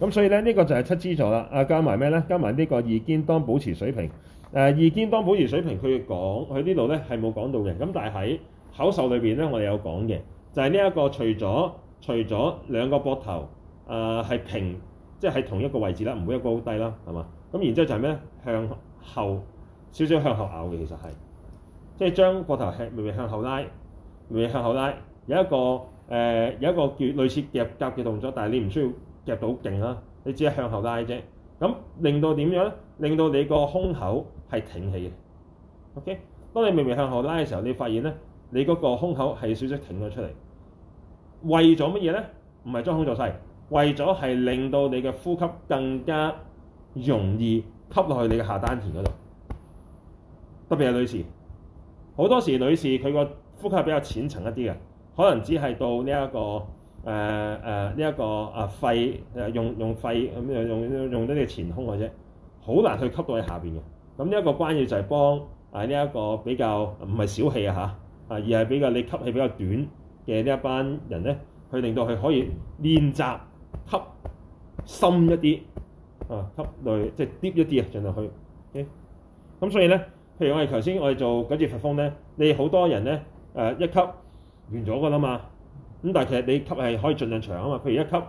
咁所以咧呢個就係七支座啦。啊加埋咩咧？加埋呢個二肩當保持水平。誒，二肩當保持水平的，佢講佢呢度咧係冇講到嘅。咁但係喺口授裏邊咧，我哋有講嘅，就係呢一個除咗除咗兩個膊頭誒係平，即係喺同一個位置啦，唔會一個好低啦，係嘛？咁然之後就係咩？向後少少向後咬嘅，其實係即係將膊頭係微微向後拉，微微向後拉，有一個誒、呃、有一個叫類似夾夾嘅動作，但係你唔需要夾到好勁啦，你只係向後拉啫。咁令到點樣咧？令到你個胸口係挺起嘅，OK。當你微微向後拉嘅時候，你發現咧，你嗰個胸口係少少挺咗出嚟。為咗乜嘢咧？唔係裝胸作勢，為咗係令到你嘅呼吸更加容易吸落去你嘅下丹田嗰度。特別係女士，好多時女士佢個呼吸比較淺層一啲嘅，可能只係到呢、這、一個誒誒呢一個啊肺誒用用，用肺咁用用用多啲前胸嘅啫。好難去吸到喺下邊嘅。咁呢一個關鍵就係幫啊呢一、呢個比較唔係小氣啊嚇，啊而係比較你吸氣比較短嘅呢一班人咧，去令到佢可以練習吸深一啲啊，吸類即係 deep 一啲啊，儘量去。咁、okay? 所以咧，譬如我哋頭先我哋做九節佛風咧，你好多人咧誒、啊、一吸完咗㗎啦嘛。咁但係其實你吸氣可以盡量長啊嘛。譬如一吸。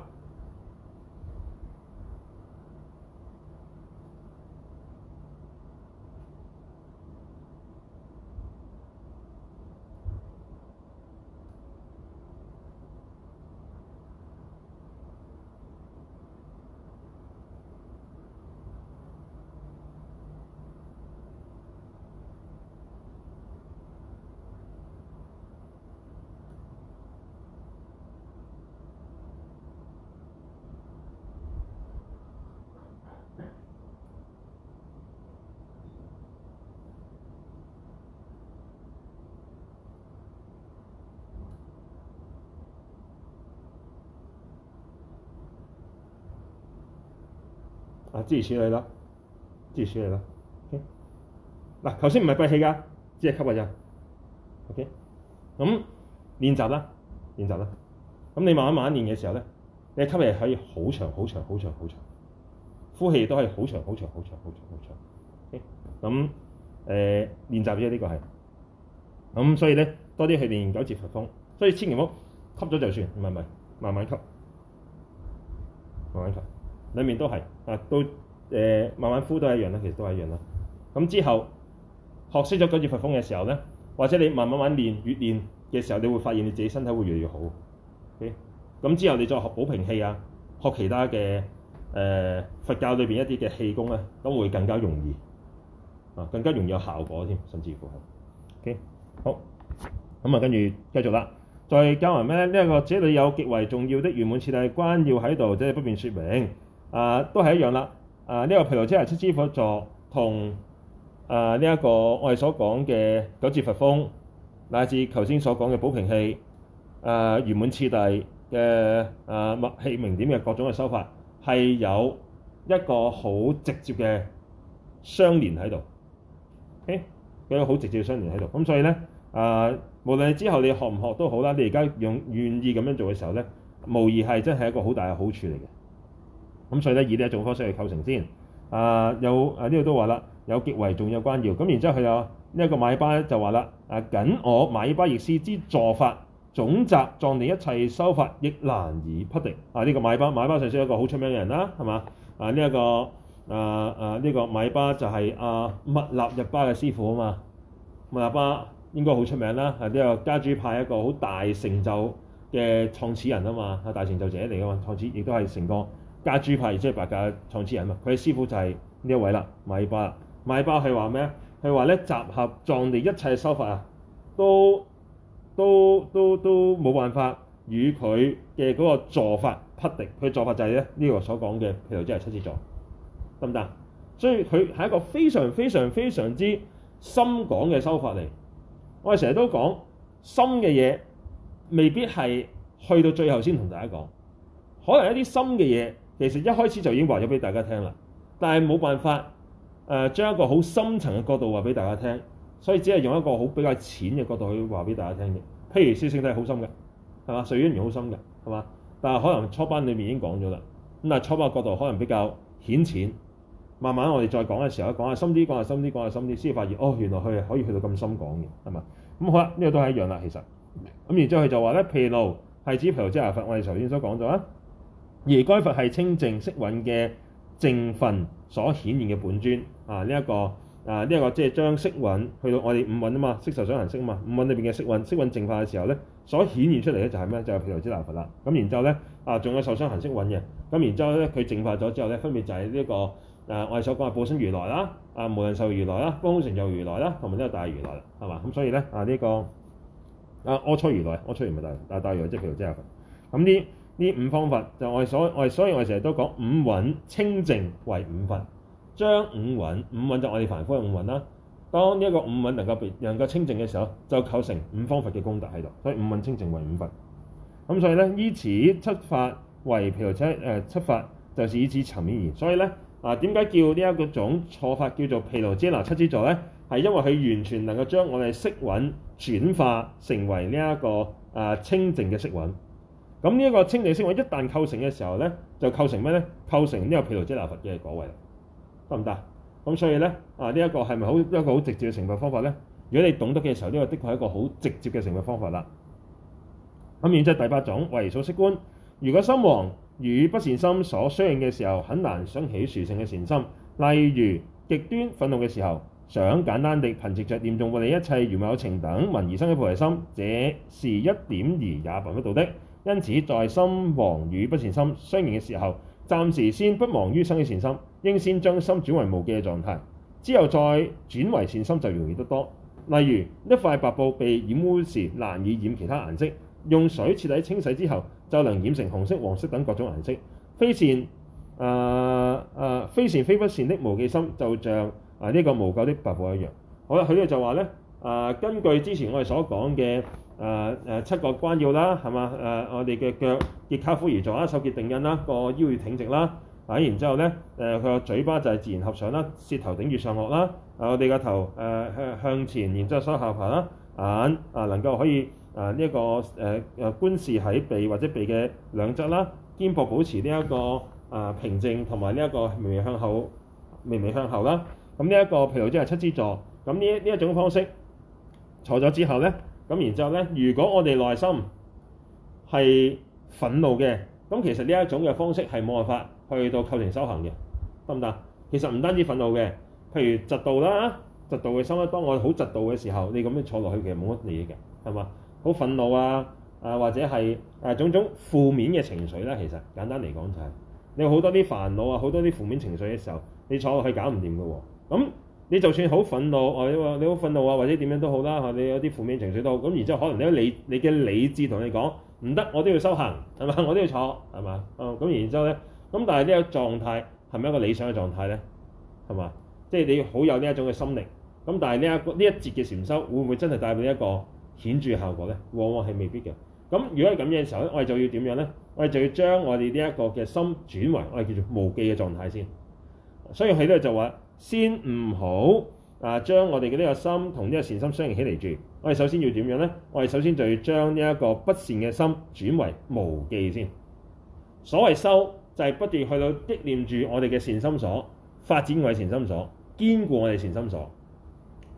支持處理啦，支持處理啦。OK，嗱頭先唔係閉氣噶，只係吸噶咋。OK，咁練習啦，練習啦。咁你慢慢慢慢練嘅時候咧，你吸氣可以好長、好長、好長、好長、長，呼氣都可以好長、好長、好長、好長、好長。OK，咁誒、呃、練習啫，呢、呢個係。咁所以咧，多啲去練九節佛風。所以千祈唔好吸咗就算，唔係唔係，慢慢吸，慢慢吸。裡面都係啊，到誒、呃、慢慢呼都係一樣啦，其實都係一樣啦。咁之後學識咗九節佛風嘅時候呢，或者你慢慢慢練越練嘅時候，你會發現你自己身體會越嚟越好。O K，咁之後你再學寶瓶氣啊，學其他嘅誒、呃、佛教裏面一啲嘅氣功咧，都會更加容易啊，更加容易有效果添，甚至乎。O、okay? K，好，咁啊跟住繼續啦。再教文咩呢一、這個，只要你有極為重要的圓滿次第關要喺度，即係不便說明。啊，都係一樣啦！啊，呢、這個毘盧遮那七支坐法同啊呢一、這個我哋所講嘅九字佛風，乃至頭先所講嘅寶瓶氣、啊圓滿次第嘅啊脈氣明點嘅各種嘅修法，係有一個好直接嘅相連喺度。OK，有個好直接嘅相連喺度。咁所以咧，啊無論之後你學唔學都好啦，你而家用願意咁樣做嘅時候咧，無疑係真係一個好大嘅好處嚟嘅。咁所以咧，以呢一種方式去構成先啊。有啊，呢個都話啦，有極為重要關要。咁然之後佢有呢一個瑪爾巴就話啦：啊，僅我瑪爾巴譯師之坐法總集，藏地一切修法亦難以匹敵啊！呢、這個瑪爾巴，瑪爾巴上先有個好出名嘅人啦，係嘛啊？呢一個啊啊，呢、這個、啊啊這個、瑪爾巴就係、是、啊密勒日巴嘅師傅啊嘛。密勒巴應該好出名啦、啊，呢、啊這個嘉珠派一個好大成就嘅創始人啊嘛，大成就者嚟噶嘛，創始亦都係成個。噶舉派即係白教創始人啊！佢師傅就係呢一位啦，瑪爾巴。瑪爾巴係話咩啊？係話咧，集合藏地一切修法啊，都都都都冇辦法與佢嘅嗰個坐法匹敵。佢做法就係咧呢、這個所講嘅，譬如即係七支坐，得唔得？所以佢係一個非常非常非常之深講嘅修法嚟。我哋成日都講深嘅嘢，未必係去到最後先同大家講，可能一啲深嘅嘢。其實一開始就已經話咗俾大家聽啦，但係冇辦法誒、呃、將一個好深層嘅角度話俾大家聽，所以只係用一個好比較淺嘅角度去話俾大家聽嘅。譬如師兄都係好深嘅，係嘛？誰願唔好深嘅，係嘛？但係可能初班裏面已經講咗啦。咁但啊，初班角度可能比較顯淺，慢慢我哋再講嘅時候，講下深啲，講下深啲，講下深啲，先至發現哦，原來佢係可以去到咁深講嘅，係嘛？咁好啦，呢個都係一樣啦，其實咁然之後佢就話咧，毘盧係指毘盧即係阿佛，我哋頭先所講咗啦。而該佛係清淨色蘊嘅淨分所顯現嘅本尊啊！呢、這、一個啊呢一即係將色蘊去到我哋五蘊啊嘛，色受想行識啊嘛，五蘊裏邊嘅色蘊，色蘊淨化嘅時候咧，所顯現出嚟咧就係咩？就係毘盧遮那佛啦。咁然後呢、啊、然後呢之後咧、這個、啊，仲有受想行識蘊嘅，咁然之後咧佢淨化咗之後咧，分別就係呢個啊我哋所講嘅寶生如來啦、啊無量壽如來啦、不空成就如來啦，同埋呢個大如來啦，係嘛？咁所以咧啊呢、這個啊阿閦如來、阿閦、就是、如來大如來即係毘盧遮那佛。咁呢五方佛就我係所我係所以，我哋成日都講五蘊清淨為五佛，將五蘊，五蘊就我哋凡夫嘅五蘊啦。當呢一個五蘊能夠別能夠清淨嘅時候，就構成五方佛嘅功德喺度。所以五蘊清淨為五佛。咁所以咧，依此七法為毘盧遮那七法，呃、就是以此層面而。所以咧啊，點解叫呢一個種錯法叫做毘盧遮那七支座咧？係因為佢完全能夠將我哋色蘊轉化成為呢一個啊清淨嘅色蘊。咁呢個清淨色蘊一旦構成嘅時候咧，就構成咩咧？構成呢個毘盧遮那佛嘅果位，得唔得？咁所以咧啊，呢、這個、一個係咪好一個好直接嘅成佛方法咧？如果你懂得嘅時候，呢、這個的確係一個好直接嘅成佛方法啦。咁、嗯、然之第八種為數息觀，如果心王與不善心所相應嘅時候，很難想起殊勝嘅善心，例如極端憤怒嘅時候，想簡單地憑藉著念誦為利一切母親有情等文而生嘅菩提心，這是一點兒也辦不到的。因此，在心王與不善心相應嘅時候，暫時先不忙於生起善心，應先將心轉為無記嘅狀態，之後再轉為善心就容易得多。例如，一塊白布被染污時，難以染其他顏色；用水徹底清洗之後，就能染成紅色、黃色等各種顏色。非善、啊啊、非善非不善的無記心，就像啊呢、這個無垢的白布一樣。好啦，佢就話咧、啊，根據之前我哋所講嘅。誒、呃、誒七個關要啦，係嘛？誒、呃、我哋嘅腳結跏趺而坐啦，手結定印啦，個腰要挺直啦。啊，然之後咧，誒佢個嘴巴就係自然合上啦，舌頭頂住上顎啦。啊，我哋個頭誒向、呃、向前，然之後收下盤啦，眼啊能夠可以啊呢一、這個誒誒、呃、觀視喺鼻或者鼻嘅兩側啦，肩膊保持呢、這、一個啊、呃、平靜，同埋呢一個微微向後微微向後啦。咁呢一個毘盧即係七支座。咁呢呢一種方式坐咗之後咧。咁然之後咧，如果我哋內心係憤怒嘅，咁其實呢一種嘅方式係冇辦法去到構成修行嘅，得唔得？其實唔單止憤怒嘅，譬如嫉妒啦，嫉妒嘅心，當我好嫉妒嘅時候，你咁樣坐落去其實冇乜嘢嘅，係嘛？好憤怒啊，啊或者係誒、啊、種種負面嘅情緒咧，其實簡單嚟講就係、是、你好多啲煩惱啊，好多啲負面情緒嘅時候，你坐落去搞唔掂㗎喎，咁。你就算好憤怒，我你你好憤怒啊，或者點樣都好啦，你有啲負面情緒都好，咁然之後可能你嘅理，你嘅理智同你講唔得，我都要修行，係嘛，我都要坐，係嘛，咁、嗯、然之後咧，咁但係呢一種狀態係咪一個理想嘅狀態咧？係嘛，即係你好有呢一種嘅心靈，咁但係呢一呢一節嘅禪修會唔會真係帶俾一個顯著嘅效果咧？往往係未必嘅。咁如果係咁樣嘅時候咧，我哋就要點樣咧？我哋就要將我哋呢一個嘅心轉為我哋叫做無記嘅狀態先。所以喺度就話。先唔好啊，將我哋嘅呢個心同呢個善心相應起嚟住。我哋首先要點樣呢？我哋首先就要將呢一個不善嘅心轉為無記先。所謂修，就係不斷去到激念住我哋嘅善，善心所，發展我哋善心所，堅固我哋善心所，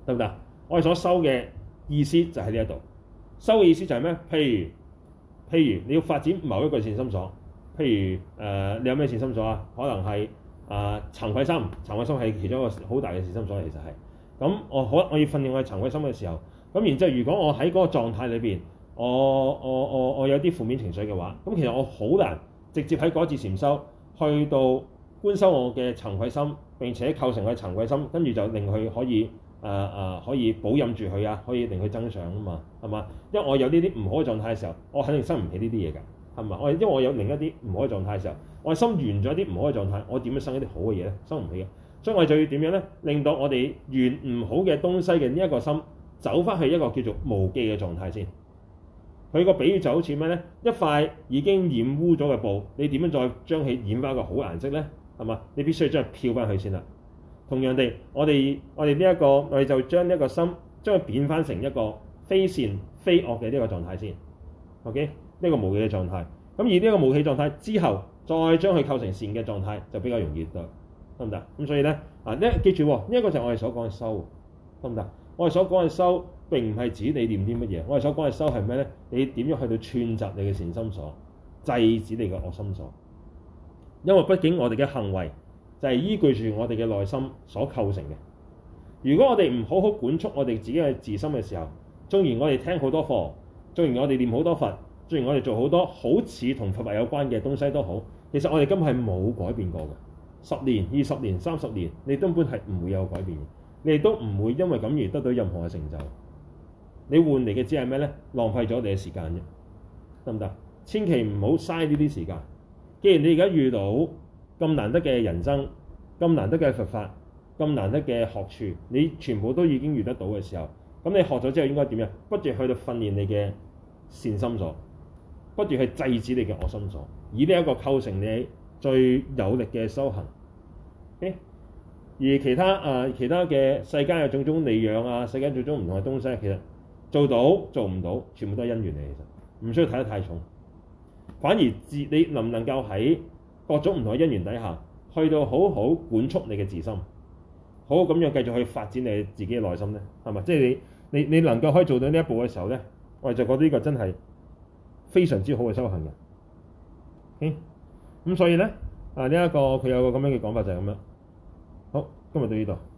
得唔得？我哋所修嘅意思就喺呢一度。修嘅意思就係咩？譬如譬如你要發展某一個善心所，譬如誒、呃、你有咩善心所啊？可能係。啊、呃，慚愧心，慚愧心係其中一個好大嘅善心所，其實係。咁我好，我要訓練我嘅慚愧心嘅時候，咁然之後，如果我喺嗰個狀態裏邊，我我我我有啲負面情緒嘅話，咁其實我好難直接喺嗰節禪修去到觀修我嘅慚愧心，並且構成我嘅慚愧心，跟住就令佢可以啊啊、呃呃、可以保任住佢啊，可以令佢增長啊嘛，係嘛？因為我有呢啲唔好嘅狀態嘅時候，我肯定生唔起呢啲嘢㗎。係咪？我因為我有另一啲唔好嘅狀態嘅時候，我心緣咗啲唔好嘅狀態，我點樣生一啲好嘅嘢咧？生唔起嘅，所以我哋就要點樣咧？令到我哋緣唔好嘅東西嘅呢一個心走翻去一個叫做無記嘅狀態先。佢個比喻就好似咩咧？一塊已經染污咗嘅布，你點樣再將佢染翻一個好顏色咧？係嘛？你必須將佢漂翻去先啦。同樣地，我哋我哋呢一個我哋就將呢一個心將佢變翻成一個非善非惡嘅呢個狀態先。OK。呢、這、一個無記嘅狀態，咁而呢一個無記狀態之後，再將佢構成善嘅狀態，就比較容易得，得唔得？咁所以咧啊，呢記住呢一、這個就係我哋所講嘅修，得唔得？我哋所講嘅修並唔係指你念啲乜嘢，我哋所講嘅修係咩咧？你點樣去到串雜你嘅善心所，制止你嘅惡心所？因為畢竟我哋嘅行為就係依據住我哋嘅內心所構成嘅。如果我哋唔好好管束我哋自己嘅自心嘅時候，縱然我哋聽好多課，縱然我哋念好多佛。雖然我哋做很多好多好似同佛法有關嘅東西都好，其實我哋今係冇改變過嘅。十年、二十年、三十年，你根本係唔會有改變。你都唔會因為咁而得到任何嘅成就。你換嚟嘅只係咩咧？浪費咗你嘅時間啫，得唔得？千祈唔好嘥呢啲時間。既然你而家遇到咁難得嘅人生、咁難得嘅佛法、咁難得嘅學處，你全部都已經遇得到嘅時候，咁你學咗之後應該點樣？不如去到訓練你嘅善心所。不斷去制止你嘅我心所，以呢一個構成你最有力嘅修行。Okay? 而其他啊、呃，其他嘅世間有種種利養啊，世間種種唔同嘅東西，其實做到做唔到，全部都係因緣嚟，其實唔需要睇得太重。反而自你能唔能夠喺各種唔同嘅因緣底下，去到好好管束你嘅自心，好好咁樣繼續去發展你自己嘅內心咧，係咪？即係你你你能夠可以做到呢一步嘅時候咧，我係就覺得呢個真係，非常之好嘅修行人，OK，咁所以呢，啊，呢一個佢有個咁樣嘅講法就係咁樣。好，今日到呢度。